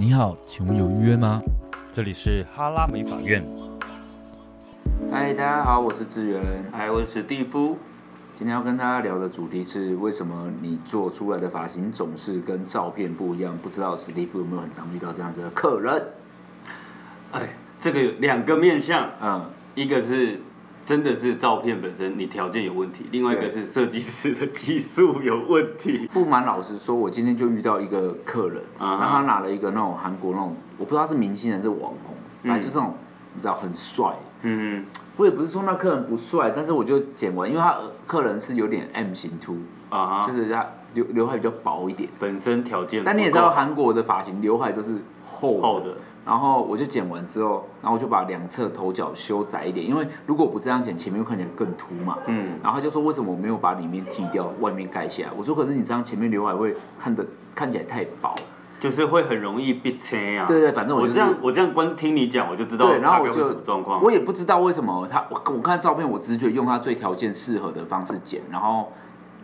你好，請問有預約嗎？嗯，這裡是哈拉美髮院。嗨，大家好，我是志遠，Hi，我是史蒂夫。今天要跟大家聊的主題是為什麼你做出來的髮型總是跟照片不一樣？不知道史蒂夫有沒有很常遇到這樣子的客人？哎，這個有兩個面向，嗯，一個是。真的是照片本身你條件有問題，另外一個是設計師的技術有問題。不瞞老實說，我今天就遇到一個客人，uh -huh. 他拿了一個那種韓國那種，我不知道是明星還是網紅，嗯、來就這種，你知道很帥。嗯、uh -huh.，我也不是說那客人不帥，但是我就剪完，因為他客人是有點 M 型凸，啊、uh -huh.，就是他留劉海比較薄一點，本身條件。但你也知道韓國的髮型劉海都是厚的。厚的然後我就剪完之後，然後我就把兩側頭角修窄一點，因為如果不這樣剪，前面會看起來更凸嘛。嗯，然後他就說，為什麼我沒有把裡面剃掉，外面蓋起來？我說，可是你這樣前面劉海會看得看起來太薄，就是會很容易被切呀。對對，反正我這樣我這樣光聽你講，我就知道。對，然後我就什麼狀況？我也不知道為什麼他我我看照片，我只是覺得用他最條件適合的方式剪，然後。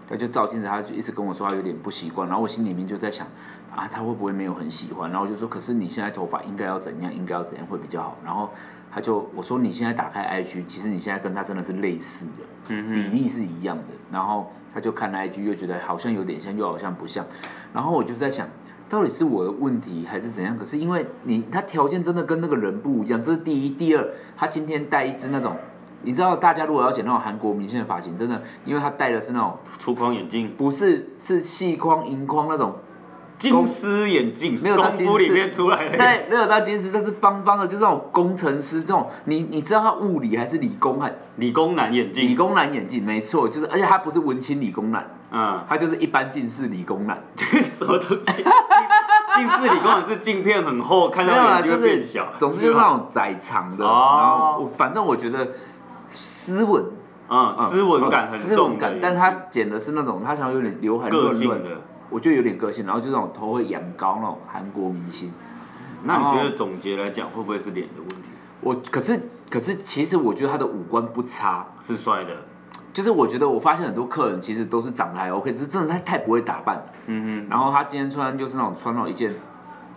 他就照鏡子，他就一直跟我說他有點不習慣，然後我心裡面就在想，啊，他會不會沒有很喜歡？然後我就說，可是你現在頭髮應該要怎樣，應該要怎樣會比較好？然後他就我說你現在打開 IG，其實你現在跟他真的是類似的，比例是一樣的。然後他就看 IG 又覺得好像有點像，又好像不像。然後我就在想，到底是我的問題還是怎樣？可是因為你他條件真的跟那個人不一樣，這是第一，第二，他今天戴一隻那種。你知道，大家如果要剪那種韓國明星的髮型，真的，因為他戴的是那種粗框眼鏡，不是，是細框、銀框那種金絲眼鏡，沒有到金絲裡面出來的，對，沒有到金絲，但是方方的，就是那種工程師這種。你你知道他物理還是理工？還理工男眼鏡？理工男眼鏡，沒錯，就是，而且他不是文青理工男，嗯，他就是一般近視理工男，嗯、什麼東西？ 近視理工男是鏡片很厚，看到眼睛變小，就是總是就是那種窄長的。然後，反正我覺得。斯文，啊、嗯，斯文感很、嗯、斯文感，但他剪的是那種，他想要有點劉海，個性的，我覺得有點個性，然後就那種頭會仰高那種韓國明星。那你覺得總結來講會不會是臉的問題？我可是可是，可是其實我覺得他的五官不差，是帥的。就是我覺得我發現很多客人其實都是長得還 OK，就是真的他太不會打扮。嗯嗯。然後他今天穿就是那種穿那種一件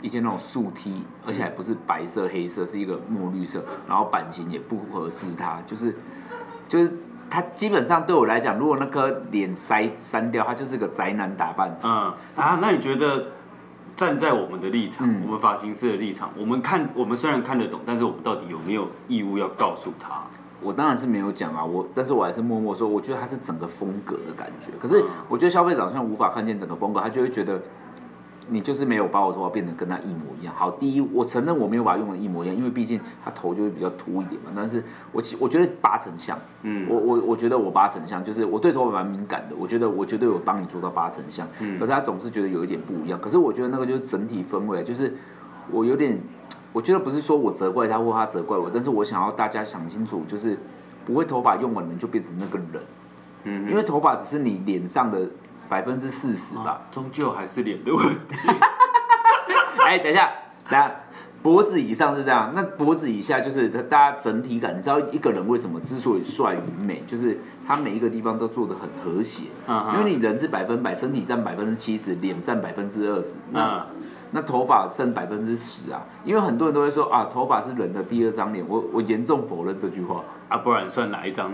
一件那種素 T，、嗯、而且還不是白色、嗯、黑色，是一個墨綠色，然後版型也不合適他，就是。就是他基本上對我來講，如果那顆臉塞刪掉，他就是個宅男打扮嗯。嗯啊，那你覺得站在我們的立場，嗯、我們髮型師的立場，我們看我們雖然看得懂，但是我們到底有沒有義務要告訴他？我當然是沒有講啊，我但是我還是默默說，我覺得他是整個風格的感覺。可是我覺得消費者好像無法看見整個風格，他就會覺得。你就是沒有把我的頭髮變得跟他一模一樣。好，第一，我承認我沒有把他用的一模一樣，因為畢竟他頭就會比較禿一點嘛。但是我，我其我覺得八成像。嗯，我我我覺得我八成像，就是我對頭髮蠻敏感的。我覺得我絕對有幫你做到八成像。嗯，可是他總是覺得有一點不一樣。可是我覺得那個就是整體氛圍，就是我有點，我覺得不是說我責怪他或他責怪我，但是我想要大家想清楚，就是不會頭髮用完你就變成那個人。嗯，因為頭髮只是你臉上的。百分之四十吧，啊，終究還是臉的問題。 哎，欸，等一下，等下脖子以上是這樣，那脖子以下就是大家整體感。你知道一個人為什麼之所以帥與美，就是他每一個地方都做得很和諧，嗯嗯嗯。因為你人是百分百，身體佔百分之七十，臉佔百分之二十，那，嗯、那頭髮剩百分之十啊。因為很多人都會說啊，頭髮是人的第二張臉。我我嚴重否認這句話啊，不然算哪一張？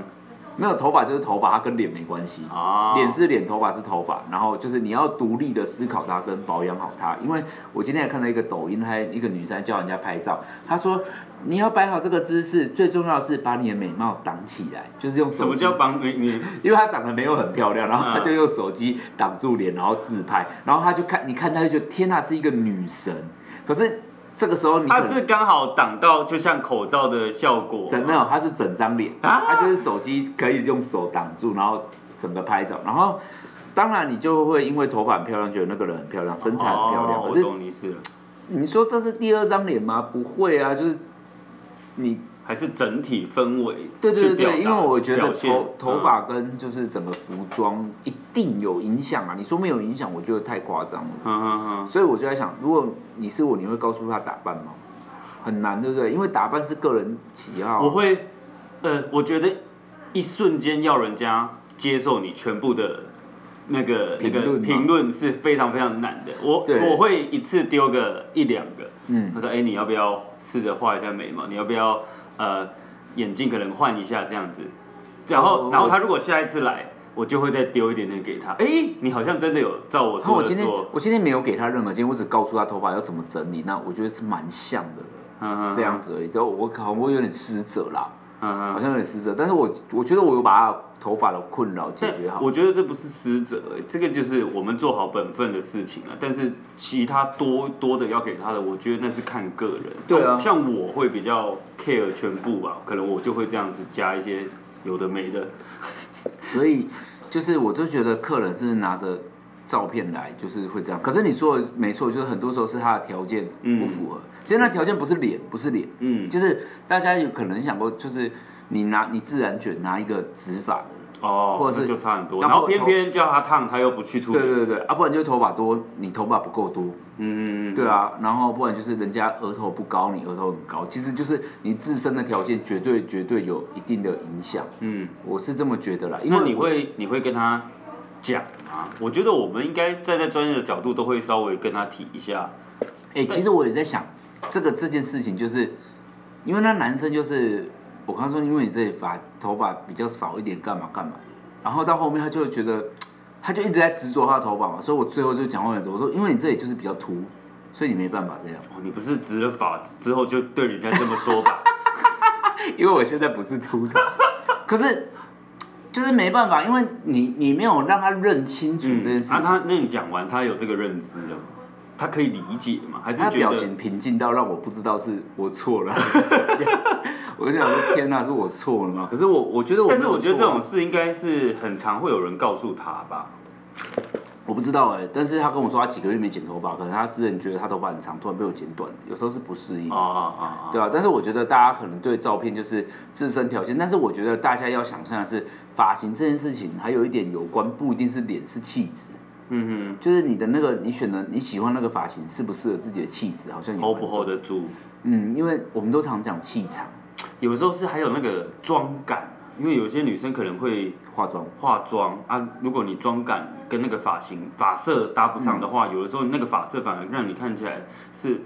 沒有頭髮就是頭髮，它跟臉沒關係。啊，臉是臉，頭髮是頭髮。然後就是你要獨立的思考它，跟保養好它。因為我今天也看到一個抖音，還一個女生教人家拍照。她說你要擺好這個姿勢，最重要是把你的美貌擋起來，就是用手機什麼叫擋臉、嗯？因為她長得沒有很漂亮，然後她就用手機擋住臉，然後自拍。然後她就看，你看她就天哪、啊，是一個女神。可是。這個時候你，他是剛好擋到，就像口罩的效果。沒有，他是整張臉，啊，他就是手機可以用手擋住，然後整個拍照。然後當然你就會因為頭髮很漂亮，覺得那個人很漂亮，身材很漂亮。哦哦哦哦，我懂你意思了。可是你說這是第二張臉嗎？不會啊，就是你。還是整體氛圍對對對對，因為我覺得頭頭髮跟就是整個服裝一定有影響啊、嗯！你說沒有影響，我覺得太誇張了、嗯嗯嗯。所以我就在想，如果你是我，你會告訴他打扮嗎？很難，對不對？因為打扮是個人喜好。我會，呃，我覺得一瞬間要人家接受你全部的那個評論評論是非常非常難的。我我會一次丟個一兩個我。嗯，他說：“哎，你要不要試着畫一下眉毛？你要不要？”呃，眼鏡可能換一下這樣子，然後然後他如果下一次來，我就會再丟一點點給他、欸。哎，你好像真的有照我說。我今天我今天沒有給他任何，今天我只告訴他頭髮要怎麼整理。那我覺得是蠻像的，這樣子而已。就、嗯嗯嗯嗯、我可能我有點失責啦。嗯，好像很失職，但是我我覺得我有把他頭髮的困擾解決好。我覺得這不是失職、欸，這個就是我們做好本分的事情了。但是其他多多的要給他的，我覺得那是看個人。對啊，像我會比較 care 全部吧、啊，可能我就會這樣子加一些有的沒的。所以就是，我就覺得客人是拿着。照片來就是會這樣，可是你說的沒錯，就是很多時候是他的條件不符合。其、嗯、實那條件不是臉，不是臉，嗯，就是大家有可能想過，就是你拿你自然卷，拿一個直髮的哦，或者是就差很多。然後偏偏叫他燙、啊，他又不去處理。對對對對，啊，不然就是頭髮多，你頭髮不夠多，嗯，嗯嗯嗯，對啊。然後不然就是人家額頭不高，你額頭很高，其實就是你自身的條件絕對絕對有一定的影響。嗯，我是這麼覺得啦。嗯、因為你會你會跟他？講啊，我覺得我們應該站在專業的角度，都會稍微跟他提一下、欸。哎，其實我也在想，這個這件事情，就是因為那男生就是我剛剛說，因為你這裡髮頭髮比較少一點，幹嘛幹嘛。然後到後面他就覺得，他就一直在執着他的頭髮嘛，所以我最後就講話的時候我說，因為你這裡就是比較禿，所以你沒辦法這樣。哦，你不是植了髮之後就對人家這麼說吧？ 因為我現在不是禿的， 可是。就是沒辦法，因為你你沒有讓他認清楚這件事。那、嗯啊、他那你講完，他有這個認知了嗎？他可以理解嗎？還是他表情平靜到讓我不知道是我錯了還是怎樣？ 我就想說，天哪、啊，是我錯了嗎？可是我我覺得，我。但是我覺得這種事應該是很常會有人告訴他吧。我不知道哎、欸，但是他跟我說他幾個月沒剪頭髮，可能他之前覺得他頭髮很長，突然被我剪短了，有時候是不適應。Oh, oh, oh, oh, oh. 對啊啊啊！對吧？但是我覺得大家可能對照片就是自身條件，但是我覺得大家要想象的是髮型這件事情還有一點有關，不一定是臉是氣質。嗯哼，就是你的那個你選的你喜歡那個髮型適不適合自己的氣質？好像 hold 不 hold 得住？嗯，因為我們都常講氣場，有時候是還有那個妝感。因為有些女生可能會化妝，化妝啊，如果你妝感跟那個髮型、髮色搭不上的話，嗯，有的時候那個髮色反而讓你看起來是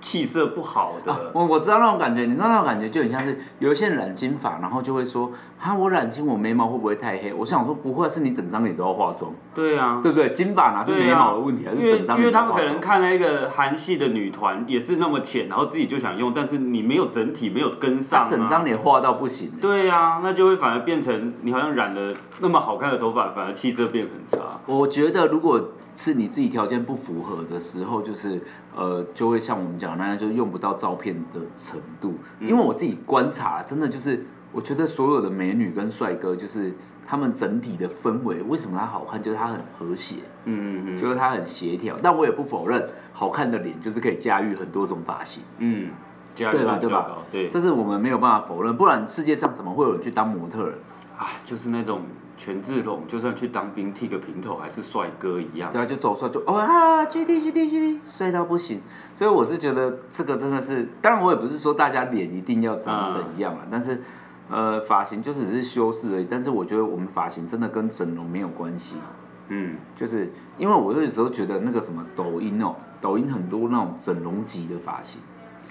氣色不好的。啊，我我知道那種感覺，你知道那種感覺就很像是有一些染金髮，然後就會說。他、啊、我染金，我眉毛會不會太黑？我想說不會，是你整張臉都要化妝。對呀、啊，對不對？金髮啊、就是眉毛的問題、啊，而是、啊、整張臉。因為因為他們可能看了一個韓系的女團，也是那麼淺，然後自己就想用，但是你沒有整體，沒有跟上、啊、整張臉畫到不行、欸。對呀、啊，那就會反而變成你好像染了那麼好看的頭髮，反而氣色變很差。我覺得如果是你自己條件不符合的時候，就是呃，就會像我們講的那樣，就用不到照片的程度。因為我自己觀察，真的就是。嗯我覺得所有的美女跟帥哥，就是他們整體的氛圍，為什麼他好看？就是他很和諧，嗯嗯嗯，就是他很協調。但我也不否認，好看的臉就是可以駕馭很多種髮型，嗯，對吧？對吧？對，這是我們沒有辦法否認，不然世界上怎麼會有人去當模特兒啊、啊？就是那種權志龍，就算去當兵剃個平頭，還是帥哥一樣，對吧、啊？就走出來就哦啊，GD GD GD，帥到不行。所以我是覺得這個真的是，當然我也不是說大家臉一定要長怎樣啊，嗯、但是。呃，髮型就是只是修飾而已，但是我覺得我們髮型真的跟整容沒有關係。嗯，就是因為我那時候覺得那個什麼抖音哦，抖音很多那種整容級的髮型。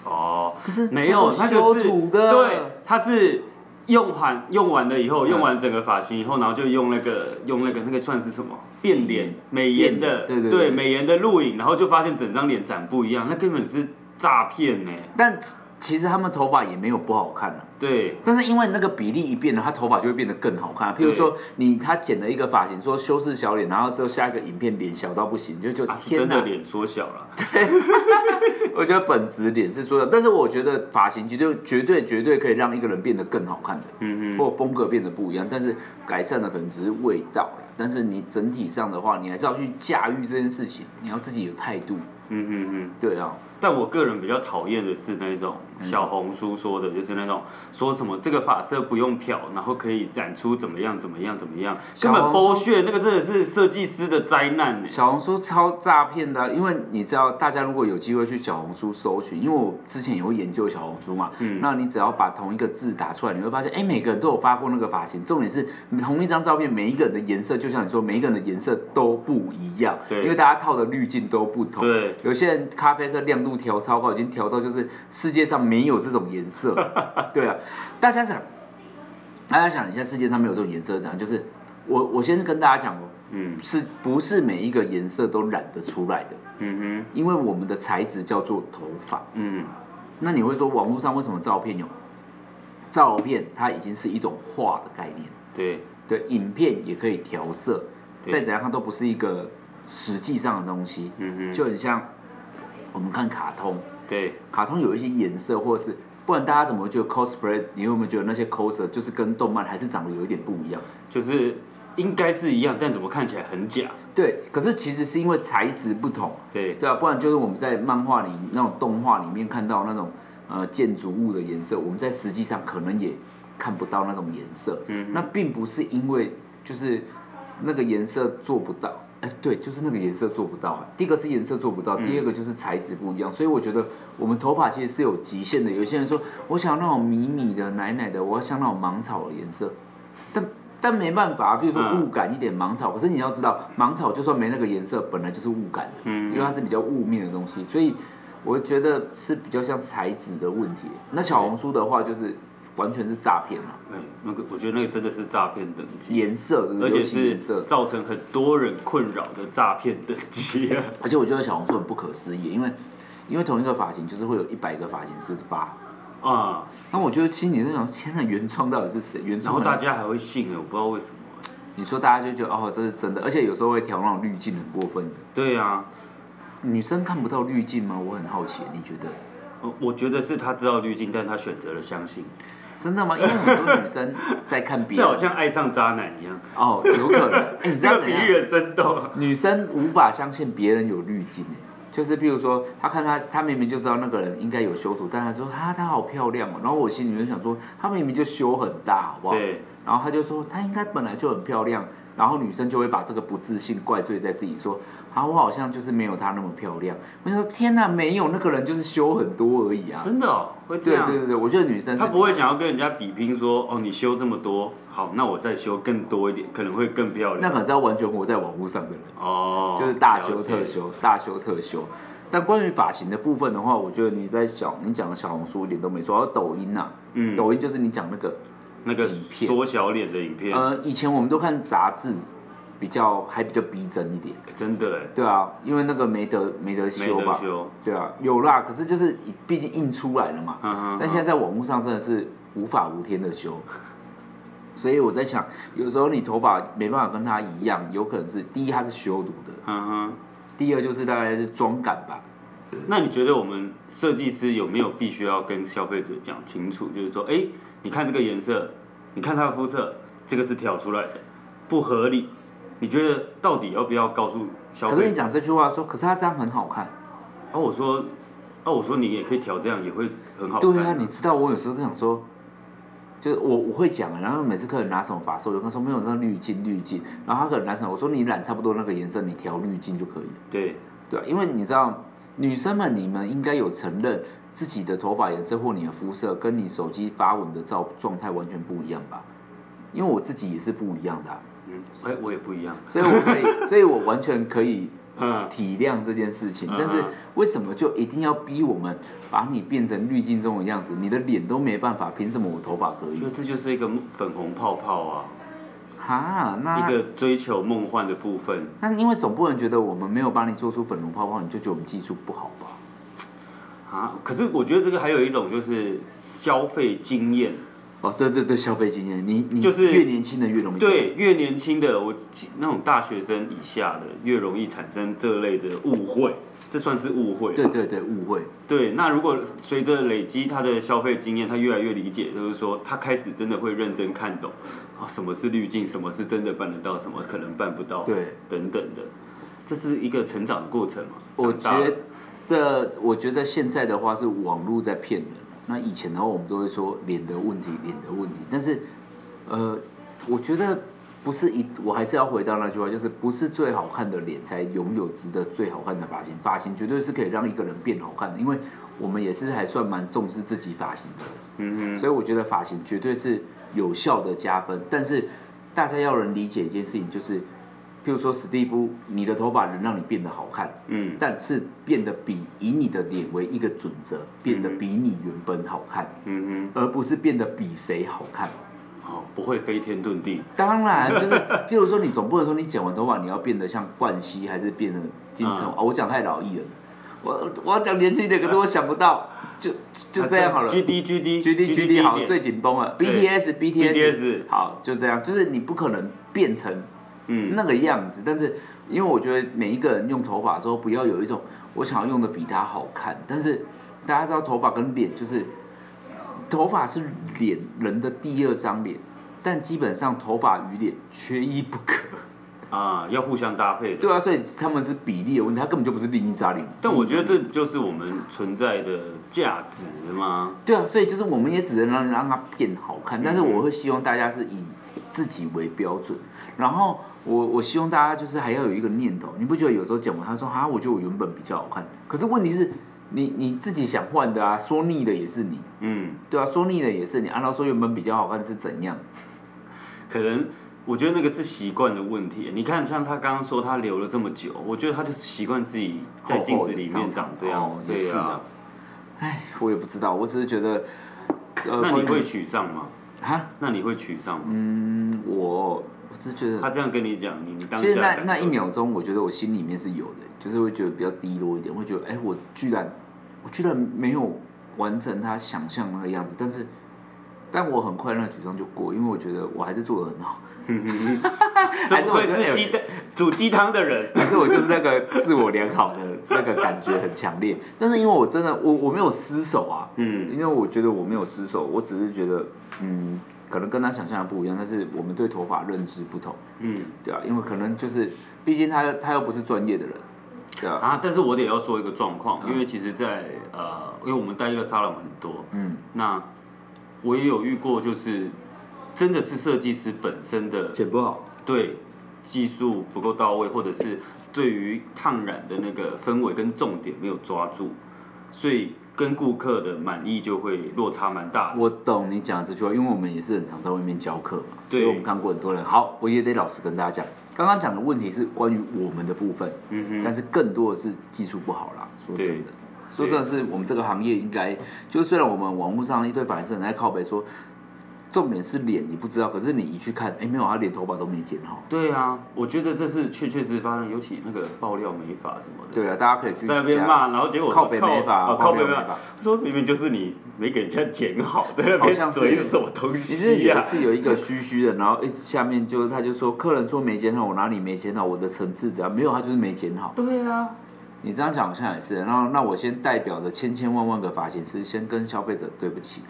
哦，可是沒有，它、就是土的。對，它是用完用完了以後，嗯、用完整個髮型以後，然後就用那個用那個那個算是什麼變臉美顏的，的對對，對，對，對，美顏的錄影，然後就發現整張臉長不一樣，那根本是詐騙呢、欸。但其實他們頭髮也沒有不好看的、啊，對。但是因為那個比例一變了，他頭髮就會變得更好看、啊。譬如說，你他剪了一個髮型，說修飾小臉，然後之後下一個影片臉小到不行，就就、啊、天哪，真的臉縮小了。對， 我覺得本質臉是縮小，但是我覺得髮型就絕對、絕對、絕對可以讓一個人變得更好看的，嗯嗯，或者風格變得不一樣，但是改善的可能只是味道、啊。但是你整體上的話，你還是要去駕馭這件事情，你要自己有態度。嗯嗯嗯，對啊。但我個人比較討厭的是那種小紅書說的，嗯、就是那種說什麼這個髮色不用漂，然後可以染出怎麼樣怎麼樣怎麼樣，根本剝削，那個真的是設計師的災難。小紅書超詐騙的，因為你知道，大家如果有機會去小紅書搜尋，因為我之前有研究小紅書嘛，嗯，那你只要把同一個字打出來，你會發現，哎，每個人都有發過那個髮型，重點是同一張照片，每一個人的顏色就。就想說，每一個人的顏色都不一樣，對，因為大家套的濾鏡都不同，對。有些人咖啡色亮度調超高，已經調到就是世界上沒有這種顏色， 對啊。大家想，大家想一下，世界上沒有這種顏色，怎樣？就是我我先跟大家講哦，嗯，是不是每一個顏色都染得出來的？嗯哼，因為我們的材質叫做頭髮，嗯。那你會說，網絡上為什麼照片有？照片它已經是一種畫的概念，對。的影片也可以調色，再怎樣它都不是一個實際上的東西，嗯哼，就很像我們看卡通。對，卡通有一些顏色或，或者是不然大家怎麼就 cosplay？你有沒有覺得那些 coser 就是跟動漫還是長得有一點不一樣？就是應該是一樣，嗯，但怎麼看起來很假？對，可是其實是因為材質不同。對，對啊，不然就是我們在漫畫裡那種動畫裡面看到那種呃建築物的顏色，我們在實際上可能也。看不到那種顏色、嗯，那並不是因為就是那個顏色做不到，哎、欸，對，就是那個顏色做不到。第一個是顏色做不到，第二個就是材質不一樣、嗯。所以我覺得我們頭髮其實是有極限的。有些人說，我想那種米米的、奶奶的，我要像那種芒草的顏色，但，但沒辦法，比如說霧感一點芒草、嗯。可是你要知道，芒草就算沒那個顏色，本來就是霧感的、嗯，因為它是比較霧面的東西。所以我覺得是比較像材質的問題。那小紅書的話就是。嗯完全是詐騙嘛、嗯！哎，那個，我覺得那個真的是詐騙等級色，顏色，而且是造成很多人困擾的詐騙等級、啊。而且我覺得小紅書很不可思議，因為因為同一個髮型，就是會有一百個髮型師發啊。那、嗯嗯、我覺得心裡，其實你那種天哪，原創到底是誰？原創，然後大家還會信哎？我不知道為什麼。你說大家就覺得哦，這是真的，而且有時候會調那種濾鏡，很過分。對啊，女生看不到濾鏡嗎？我很好奇，你覺得？我覺得是她知道濾鏡，但她選擇了相信。真的嗎？因為很多女生在看病，就 好像愛上渣男一樣。哦、oh,，有可能、欸。你知道怎樣？女生無法相信別人有濾鏡、欸。就是譬如說，她看她，她明明就知道那個人應該有修圖，但她說：“哈，她好漂亮哦、喔。”然後我心裡就想說：“她明明就修很大，好不好？”對。然後她就說：“她應該本來就很漂亮。”然後女生就會把這個不自信怪罪在自己，說：“啊，我好像就是沒有她那麼漂亮。”我想說：“天哪，沒有那個人就是修很多而已啊！”真的哦，會這樣？對對對，對，我覺得女生她不會想要跟人家比拼，說：“哦，你修這麼多，好，那我再修更多一點，可能會更漂亮。”那可是要完全活在網路上的人哦，就是大修特修了解了，大修特修。但關於髮型的部分的話，我覺得你在講，你講的小紅書一點都沒錯。而抖音呢、啊，嗯，抖音就是你講那個。那個影片，縮小臉的影片。呃、嗯，以前我們都看雜誌，比較還比較逼真一點。欸、真的、欸？對啊，因為那個沒得沒得修吧？修。對啊，有啦，可是就是畢竟印出來了嘛。嗯、啊、但現在在網路上真的是無法無天的修，所以我在想，有時候你頭髮沒辦法跟它一樣，有可能是第一它是修圖的，嗯、啊、第二就是大概是妝感吧。那你覺得我們設計師有沒有必須要跟消費者講清楚？就是說，哎、欸。你看這個顏色，你看他的膚色，這個是調出來的，不合理。你覺得到底要不要告訴小費？可是你講這句話說，可是他這樣很好看。哦、啊，我說，哦、啊，我說你也可以調這樣，也會很好看。對啊，你知道我有時候想說，就是我我會講啊，然後每次客人拿什麼髮色，我跟他說沒有，上濾鏡濾鏡。然後他可能拿什麼，我說你染差不多那個顏色，你調濾鏡就可以。對對、啊，因為你知道女生們，你們應該有承認自己的頭髮顏色或你的膚色，跟你手機發文的照狀態完全不一樣吧？因為我自己也是不一樣的。嗯，所以我也不一樣，所以我可以，所以我完全可以體諒這件事情。但是為什麼就一定要逼我們把你變成濾鏡中的樣子？你的臉都沒辦法，憑什麼我頭髮可以？所以這就是一個粉紅泡泡啊！哈，那一個追求夢幻的部分。那因為總不能覺得我們沒有把你做出粉紅泡泡，你就覺得我們技術不好吧？啊，可是我覺得這個還有一種就是消費經驗哦，對對對，消費經驗，你你就是越年輕的越容易對，越年輕的我那種大學生以下的越容易產生這類的誤會，這算是誤會，對對對誤會，對。那如果隨着累積他的消費經驗，他越來越理解，就是說他開始真的會認真看懂啊，什麼是濾鏡，什麼是真的辦得到，什麼可能辦不到，對等等的，這是一個成長的過程嘛，我覺得。這個我覺得現在的話是網絡在騙人，那以前的話我們都會說臉的問題，臉的問題。但是，呃，我覺得不是一，我還是要回到那句話，就是不是最好看的臉才擁有值得最好看的髮型，髮型絕對是可以讓一個人變好看的，因為我們也是還算蠻重視自己髮型的。嗯哼，所以我覺得髮型絕對是有效的加分，但是大家要能理解一件事情，就是。譬如說，史蒂夫，你的頭髮能讓你變得好看，嗯，但是變得比以你的臉為一個準則，嗯嗯，變得比你原本好看，嗯，嗯而不是變得比誰好看，哦，不會飛天遁地，當然就是譬如說，你總不能說你剪完頭髮你要變得像冠希，還是變得金城，嗯、哦，我講太老藝人了，我我要講年輕一點，可是我想不到，就就這樣好了，啊，G D G D G D G D 好最緊繃了，B T S B T S 好就這樣，就是你不可能變成。嗯，那個樣子，但是因為我覺得每一個人用頭髮的時候，不要有一種我想要用的比他好看。但是大家知道，頭髮跟臉就是，頭髮是臉人的第二張臉，但基本上頭髮與臉缺一不可啊，要互相搭配。對啊，所以他們是比例的問題，他根本就不是另一張臉。但我覺得這就是我們存在的價值的嗎？嗯，對啊，所以就是我們也只能讓讓它變好看，但是我會希望大家是以自己為標準，然後。我我希望大家就是還要有一個念頭。你不覺得有時候講完，他說啊，我覺得我原本比較好看，可是問題是你你自己想換的啊，說膩的也是你，嗯，對啊，說膩的也是你。按照說原本比較好看是怎樣？可能我覺得那個是習慣的問題。你看像他剛剛說他留了這麼久，我覺得他就是習慣自己在鏡子裡面長這樣，哦哦哦，啊、對、啊，是啊，哎，我也不知道，我只是覺得，呃、那你會沮喪嗎？哈？那你會沮喪嗎？嗯，我，我是覺得他這樣跟你講，你你當其實那那一秒鐘，我覺得我心裡面是有的，就是會覺得比較低落一點，會覺得哎，我居然，我居然沒有完成他想象那個樣子，但是。但我很快那舉證就過，因為我覺得我還是做得很好。還是會 是雞蛋、欸、煮雞湯的人，可是我就是那個自我良好的那個感覺很強烈。 但是因為我真的我我沒有失手啊，嗯，因為我覺得我沒有失手，我只是覺得嗯，可能跟他想象的不一樣，但是我們對頭髮認知不同，嗯，對啊，因為可能就是畢竟他他又不是專業的人，對啊，啊但是我也要說一個狀況，因為其實在，在呃，因為我們單一個沙龍很多，嗯，那。我也有遇過，就是真的是設計師本身的剪不好，對，技術不夠到位，或者是對於燙染的那個氛圍跟重點沒有抓住，所以跟顧客的滿意就會落差蠻大。我懂你講的這句話，因為我們也是很常在外面教課嘛，對，所以我們看過很多人。好，我也得老實跟大家講，剛剛講的問題是關於我們的部分，嗯哼，但是更多的是技術不好啦，說真的。說這是我們這個行業應該，就雖然我們網絡上一堆粉人、人在靠北，說，重點是臉你不知道，可是你一去看，哎、欸，沒有他連頭髮都沒剪好。對啊，我覺得這是確確實實發生，尤其那個爆料美髮什麼的。對啊，大家可以去在那邊罵，然後結果靠北美髮、啊、靠北美髮、啊，說明明就是你沒給人家剪好，在那邊嘴什麼東西、啊？是呀，有一有一個虛虛的，然後一直下面就是他就說，客人說沒剪好，我哪裡沒剪好？我的層次只要沒有他就是沒剪好。對啊。你這樣講我現在也是，然後那我先代表着千千萬萬個髮型師，先跟消費者對不起，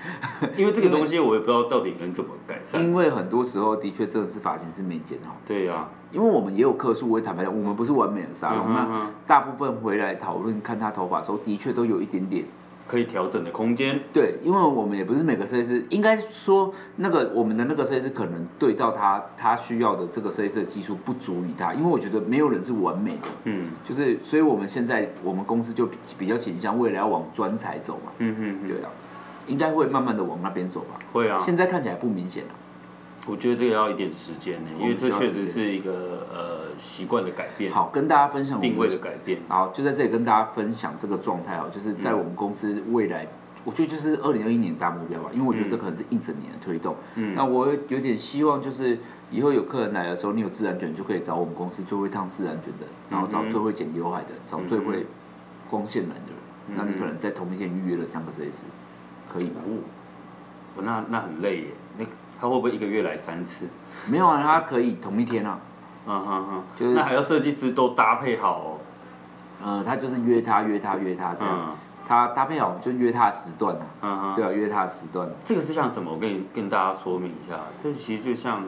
因為這個東西我也不知道到底能怎麼改善。因為很多時候的確真的是髮型師沒剪好。對呀、啊，因為我們也有客訴，我也坦白講，我們不是完美的沙龍、嗯，那大部分回來討論看他頭髮的時候，的確都有一點點。可以調整的空間，對，因為我們也不是每個設計師，應該說那個我們的那個設計師可能對到他他需要的這個設計師的技術不足以他，因為我覺得沒有人是完美的，嗯，就是所以我們現在我們公司就比，比較傾向未來要往專才走嘛，嗯嗯，對啊，應該會慢慢的往那邊走吧，會啊，現在看起來不明顯了。我覺得這個要一點時間呢、欸，因為這確實是一個呃習慣的改變。好，跟大家分享定位的改變。好，就在這裡跟大家分享這個狀態哦，就是在我們公司未來，嗯、我覺得就是二零二一年大目標吧，因為我覺得這可能是一整年的推動。嗯。那我有點希望就是以後有客人來的時候，你有自然卷就可以找我們公司最會燙自然卷的，然後找最會剪劉海的嗯嗯，找最會光線男的人。那、嗯嗯、你可能在同一天預約了三個設計師，可以吧？哦。那那很累耶，那。他會不會一個月來三次？沒有啊，他可以同一天啊。嗯哼哼，就是，那還要設計師都搭配好哦。呃，他就是約他約他約他這樣，uh -huh. 他搭配好就約他的時段啊，嗯哼，uh -huh. 對啊，約他的時段，這個是像什麼？我跟你跟大家說明一下，這其實就像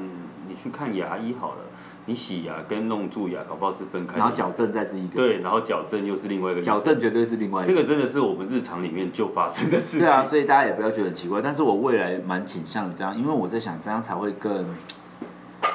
你去看牙醫好了。你洗牙跟弄蛀牙搞不好是分開，然後矯正再是一個。對，然後矯正又是另外一個，矯正絕對是另外一個。這個真的是我們日常裡面就發生的事情。 對啊，所以大家也不要覺得奇怪。但是我未來蠻傾向的這樣，因為我在想這樣才會更，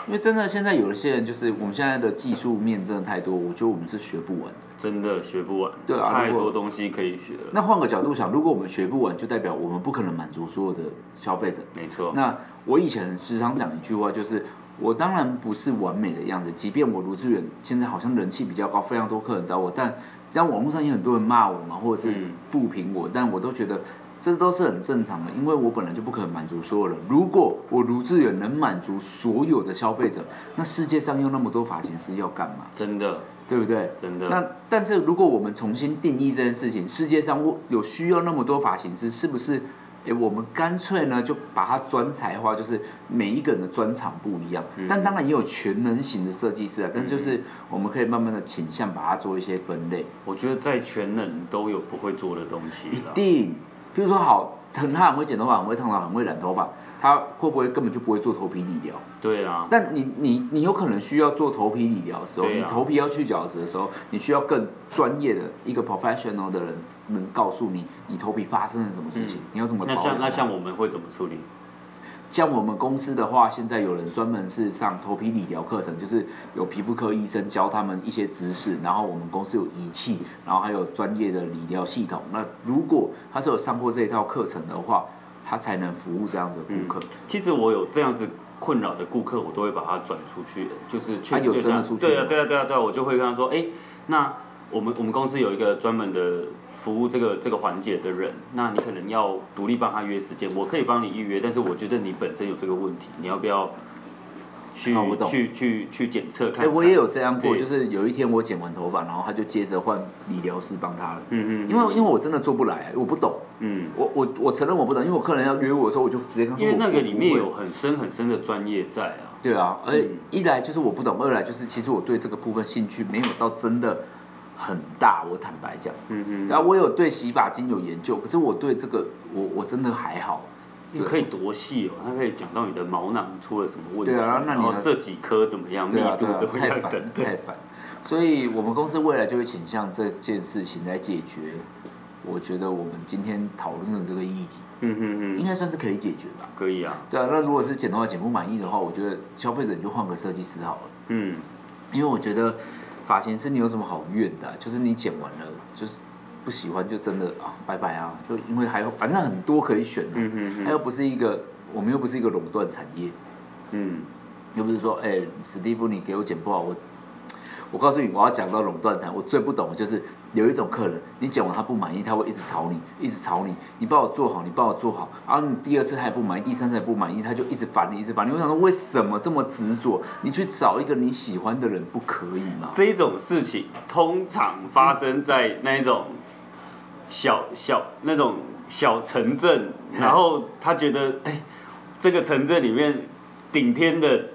因為真的現在有一些人就是我們現在的技術面真的太多，我覺得我們是學不完，真的學不完，對啊，太多東西可以學。那換個角度想，如果我們學不完，就代表我們不可能滿足所有的消費者。沒錯。那我以前時常講一句話就是。我當然不是完美的樣子，即便我盧志遠現在好像人氣比較高，非常多客人找我，但像網絡上有很多人罵我嘛，或者是負評我，嗯，但我都覺得這都是很正常的，因為我本來就不可能滿足所有人。如果我盧志遠能滿足所有的消費者，那世界上又那麼多髮型師要幹嘛？真的，對不對？真的。那但是如果我們重新定義這件事情，世界上我有需要那麼多髮型師，是不是？哎、欸，我們乾脆呢，就把它專才化，就是每一個人的專長不一樣，嗯，但當然也有全能型的設計師啊。嗯、但是就是我們可以慢慢的傾向把它做一些分類。我覺得在全能都有不會做的東西，一定。比如說，好，很怕很會剪頭髮，很會燙頭髮，很會染頭髮。他會不會根本就不會做頭皮理療？對啊。啊、但你你你有可能需要做頭皮理療的時候，對啊，對啊，你頭皮要去角質的時候，你需要更專業的一個 professional 的人能告訴你，你頭皮發生了什麼事情，嗯、你要怎麼。那像那像我們會怎麼處理？像我們公司的話，現在有人專門是上頭皮理療課程，就是有皮膚科醫生教他們一些知識，然後我們公司有儀器，然後還有專業的理療系統。那如果他是有上過這一套課程的話，他才能服務這樣子的顧客、嗯。其實我有這樣子困擾的顧客，我都會把他轉出去、欸，就是確實這樣、啊。對啊，對啊，對啊，對啊，我就會跟他說，哎、欸，那我們我們公司有一個專門的服務這個這個環節的人，那你可能要獨立幫他約時間，我可以幫你預約，但是我覺得你本身有這個問題，你要不要？去、哦、我懂、去去檢測。哎看看、欸，我也有這樣過，就是有一天我剪完頭髮，然後他就接着換理療師幫他了。嗯嗯，因為因為我真的做不來，我不懂。嗯，我我我承認我不懂、嗯，因為我客人要約我的時候，我就直接跟他說我，因為那個裡面有很深很深的專業在啊。對啊，而一來就是我不懂、嗯，二來就是其實我對這個部分興趣沒有到真的很大，我坦白講。嗯嗯，但我有對洗髮精有研究，可是我對這個我，我我真的還好。你可以多細哦，他可以講到你的毛囊出了什麼問題，對啊，那你這幾顆怎麼樣，密度怎麼樣？對啊，等等、啊啊啊。太煩，太煩。所以，我們公司未來就會傾向這件事情來解決。我覺得我們今天討論的這個議題，嗯嗯應該算是可以解決吧？可以啊。對啊，那如果是剪頭髮剪不滿意的話，我覺得消費者你就換個設計師好了。嗯，因為我覺得髮型師你有什麼好怨的、啊？就是你剪完了，就是。不喜歡就真的啊，拜拜啊！就因為還有，反正很多可以選的。嗯嗯嗯。他又不是一個，我們又不是一個壟斷產業。嗯。又不是說，哎、欸，史蒂夫，你給我剪不好，我我告訴你，我要講到壟斷產，我最不懂的就是有一種客人，你講完他不滿意，他會一直吵你，一直吵你。你幫我做好，你幫我做好，然、啊、後你第二次他還不滿意，第三次還不滿意，他就一直煩你，一直煩你。我想說，為什麼這麼執着？你去找一個你喜歡的人，不可以嗎？這種事情通常發生在那一種。嗯小小那種小城鎮， 然後他覺得，哎，這個城鎮裡面頂天的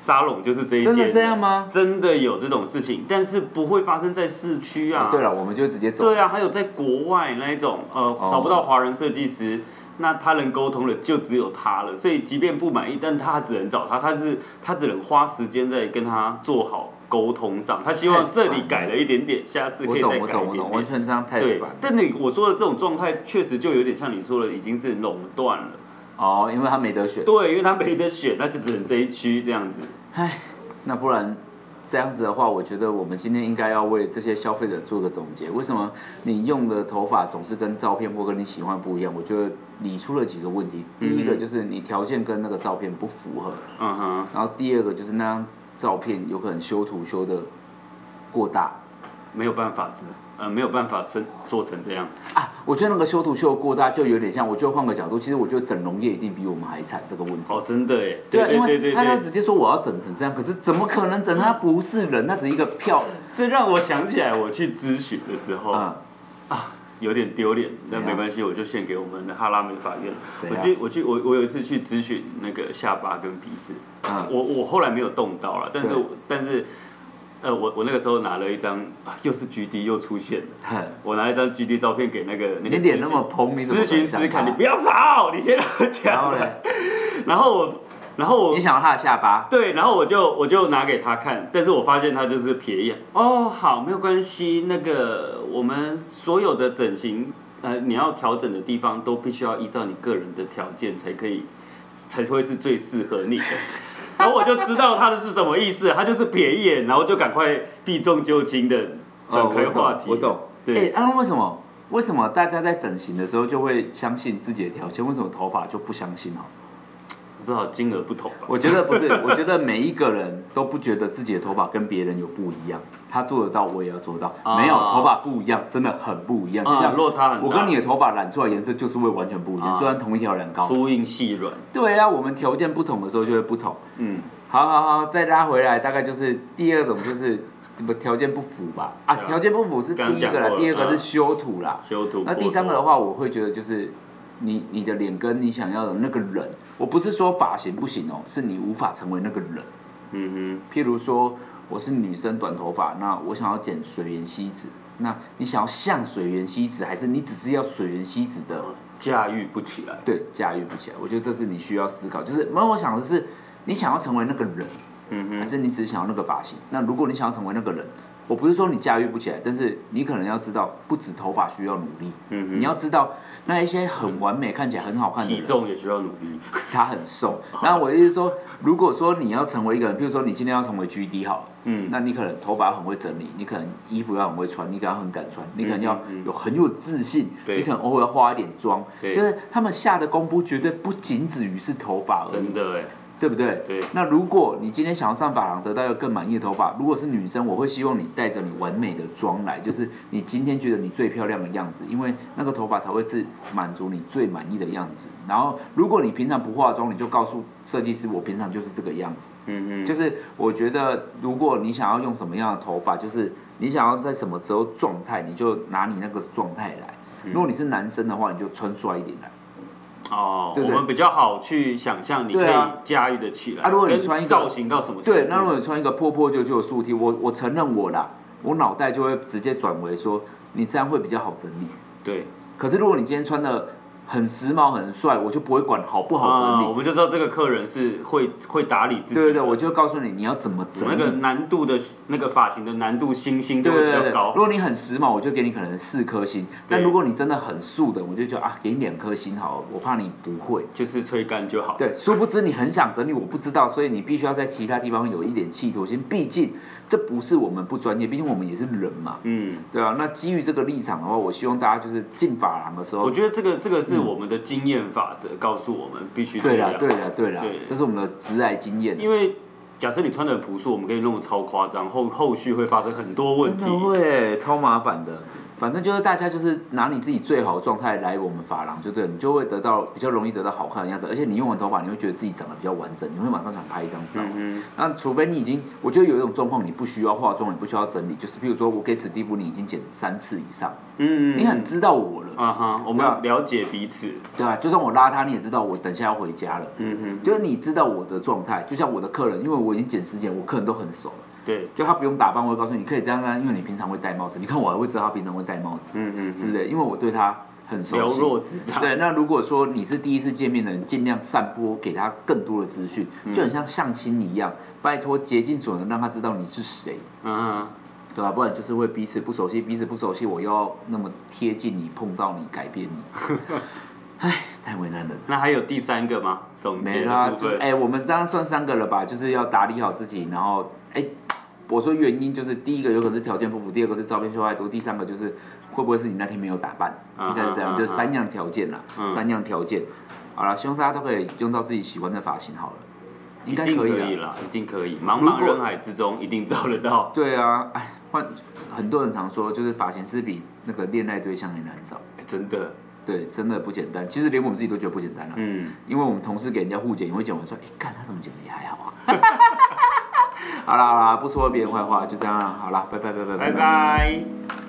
沙龍就是這一間，真的這樣嗎？真的有這種事情，但是不會發生在市區啊。哎，對了，我們就直接走了。對啊，還有在國外那一種，呃，找不到華人設計師。Oh. 那他能溝通的就只有他了，所以即便不滿意，但他只能找他，他是他只能花時間在跟他做好溝通上。他希望這裡改了一點點，下次可以再改一點。完全這樣太煩。對，但你我說的這種狀態，確實就有點像你說的，已經是壟斷了。哦，因為他沒得選。對，因為他沒得選，那就只能這一區這樣子。哎，那不然。這樣子的話，我覺得我們今天應該要為這些消費者做個總結。為什麼你用的頭髮總是跟照片或跟你喜歡不一樣？我覺得你出了幾個問題。第一個就是你條件跟那個照片不符合，嗯哼。然後第二個就是那張照片有可能修圖修得過大。沒有辦法治，呃，沒有辦法生做成這樣啊！我覺得那個修圖修過大就有點像。我就換個角度，其實我覺得整容業一定比我們還慘。這個問題哦，真的耶，對，啊、對，對，對，對，對，對，因為他要直接說我要整成這樣，可是怎麼可能整？他不是人，嗯、那只是一個票、哦。這讓我想起來，我去諮詢的時候，嗯、啊，有點丟臉。那沒關係，我就獻給我們哈拉美法院。我去，我去，我去我，我有一次去諮詢那個下巴跟鼻子，嗯、我我後來沒有動到了，但是但是。呃，我我那個時候拿了一張、啊，又是 G D 又出現了，我拿一張 G D 照片給那個你臉那麼蓬，那個諮詢師看，你不要吵，你先講。然後我，然後我你想到他的下巴？對，然後我就我就拿給他看，但是我發現他就是瞥一眼。哦，好，沒有關係。那個我們所有的整形，呃，你要調整的地方都必須要依照你個人的條件才可以，才會是最適合你的。 然後我就知道他的是什麼意思、啊，他就是瞥一眼，然後就趕快避重就輕的轉回話題、哦。我懂，我懂，哎、欸啊，為什麼？為什麼大家在整形的時候就會相信自己的條件？為什麼頭髮就不相信呢？多少金額不同吧？我覺得不是，我覺得每一個人都不覺得自己的頭髮跟別人有不一樣。他做得到，我也要做到。沒有頭髮不一樣，真的很不一樣。嗯、就像、嗯、落差很大，我跟你的頭髮染出來顏色就是會完全不一樣，雖、嗯、然同一條染膏。粗硬細軟。對呀、啊，我們條件不同的時候就會不同。嗯，好，好，好，再拉回來，大概就是第二種，就是不條件不符吧？啊，條、啊、件不符是第一個啦，第二個是修圖啦。修、嗯、圖。那第三個的話，我會覺得就是。你你的臉跟你想要的那個人，我不是說髮型不行哦、喔，是你無法成為那個人。嗯哼，譬如說我是女生短頭髮，那我想要剪水原希子，那你想要像水原希子，還是你只是要水原希子的駕馭不起來？對，駕馭不起來。我覺得這是你需要思考，就是沒有，我想的是你想要成為那個人，嗯哼，還是你只是想要那個髮型？那如果你想要成為那個人。我不是說你駕馭不起來，但是你可能要知道，不止頭髮需要努力、嗯，你要知道那一些很完美、嗯、看起來很好看的人體重也需要努力，他很瘦。 那我意思是說，如果說你要成為一個人，比如說你今天要成為 GD 好、嗯，那你可能頭髮很會整理，你可能衣服要很會穿，你可能要很敢穿、嗯，你可能要有很有自信，你可能偶爾要化一點妝，就是他們下的功夫絕對不僅止於是頭髮而已，真的哎、欸。對不對？對。那如果你今天想要上髮廊得到一個更滿意的頭髮，如果是女生，我會希望你帶着你完美的妝來，就是你今天覺得你最漂亮的樣子，因為那個頭髮才會是滿足你最滿意的樣子。然後，如果你平常不化妝，你就告訴設計師，我平常就是這個樣子。嗯嗯。就是我覺得，如果你想要用什麼樣的頭髮，就是你想要在什麼時候狀態，你就拿你那個狀態來。如果你是男生的話，你就穿帥一點來。哦、oh，我們比較好去想象，你可以駕馭得起來。啊，如果你穿一個造型到什麼對？對。那如果你穿一個破破舊舊的素 T，我我承認我啦，我腦袋就會直接轉為說，你這樣會比較好整理。對，可是如果你今天穿的。很時髦，很帥，我就不會管好不好整理。嗯、我們就知道這個客人是會會打理自己的。對，對對，我就告訴你你要怎麼整理。那個難度的，那個髮型的難度星星都會比較高對對對。如果你很時髦，我就給你可能四顆星。但如果你真的很素的，我就覺得啊，給你兩顆星好了，我怕你不會。就是吹乾就好。對，殊不知你很想整理，我不知道，所以你必須要在其他地方有一點企圖心，畢竟。這不是我們不專業，畢竟我們也是人嘛。嗯，對啊。那基於這個立場的話，我希望大家就是進髮廊的時候，我覺得這個這個是我們的經驗法則，嗯、告訴我們必須這樣。對了、啊，對了、啊，對了、啊啊，這是我們的直癌經驗。因為假設你穿的樸素，我們可以弄的超誇張，後後續會發生很多問題，真的會超麻煩的。反正就是大家就是拿你自己最好的狀態來我們髮廊就對了，你就會得到比較容易得到好看的樣子，而且你用完頭髮，你會覺得自己長得比較完整，你會馬上想拍一張照。嗯。那除非你已經，我覺得有一種狀況你不需要化妝，你不需要整理，就是譬如說我給史蒂夫，你已經剪三次以上，嗯、嗯，你很知道我了，啊哈、uh-huh，我們要了解彼此，對吧？就算我拉他，你也知道我等一下要回家了，嗯哼，就是你知道我的狀態，就像我的客人，因為我已經剪十剪，我客人都很熟了。對，就他不用打扮，我會告訴你，你可以這樣，因為你平常會戴帽子。你看我還會知道他平常會戴帽子，嗯嗯，嗯，是不是？因為我對他很熟悉，瞭若指掌。對，那如果說你是第一次見面的人，儘量散播給他更多的資訊，就很像相親一樣，嗯、拜托竭盡所能讓他知道你是誰，嗯，嗯啊、對吧、啊？不然就是會彼此不熟悉，彼此不熟悉，我又要那麼貼近你，碰到你，改變你，哎， 太為難了。那還有第三個嗎？總結啦、啊。就是，哎、欸，我們這樣算三個了吧？就是要打理好自己，然後，哎、欸。我說原因就是第一個有可能是條件不符，第二個是照片修太多，第三個就是會不會是你那天沒有打扮？Uh -huh, 應該是這樣，uh -huh, 就是三樣條件啦，uh -huh, 三樣條件。好了，希望大家都可以用到自己喜歡的髮型。好了，嗯，應該可以了，一定可以。茫茫人海之中，一定找得到。對啊，哎，換很多人常說就是髮型師比那個戀愛對象還難找，欸。真的，對，真的不簡單。其實連我們自己都覺得不簡單了。嗯，因為我們同事給人家護剪，會我剪完說，哎，幹他怎麼剪的也還好啊。 好啦好啦，不說別人壞話，就這樣，啊、好啦，拜拜拜拜拜拜，拜。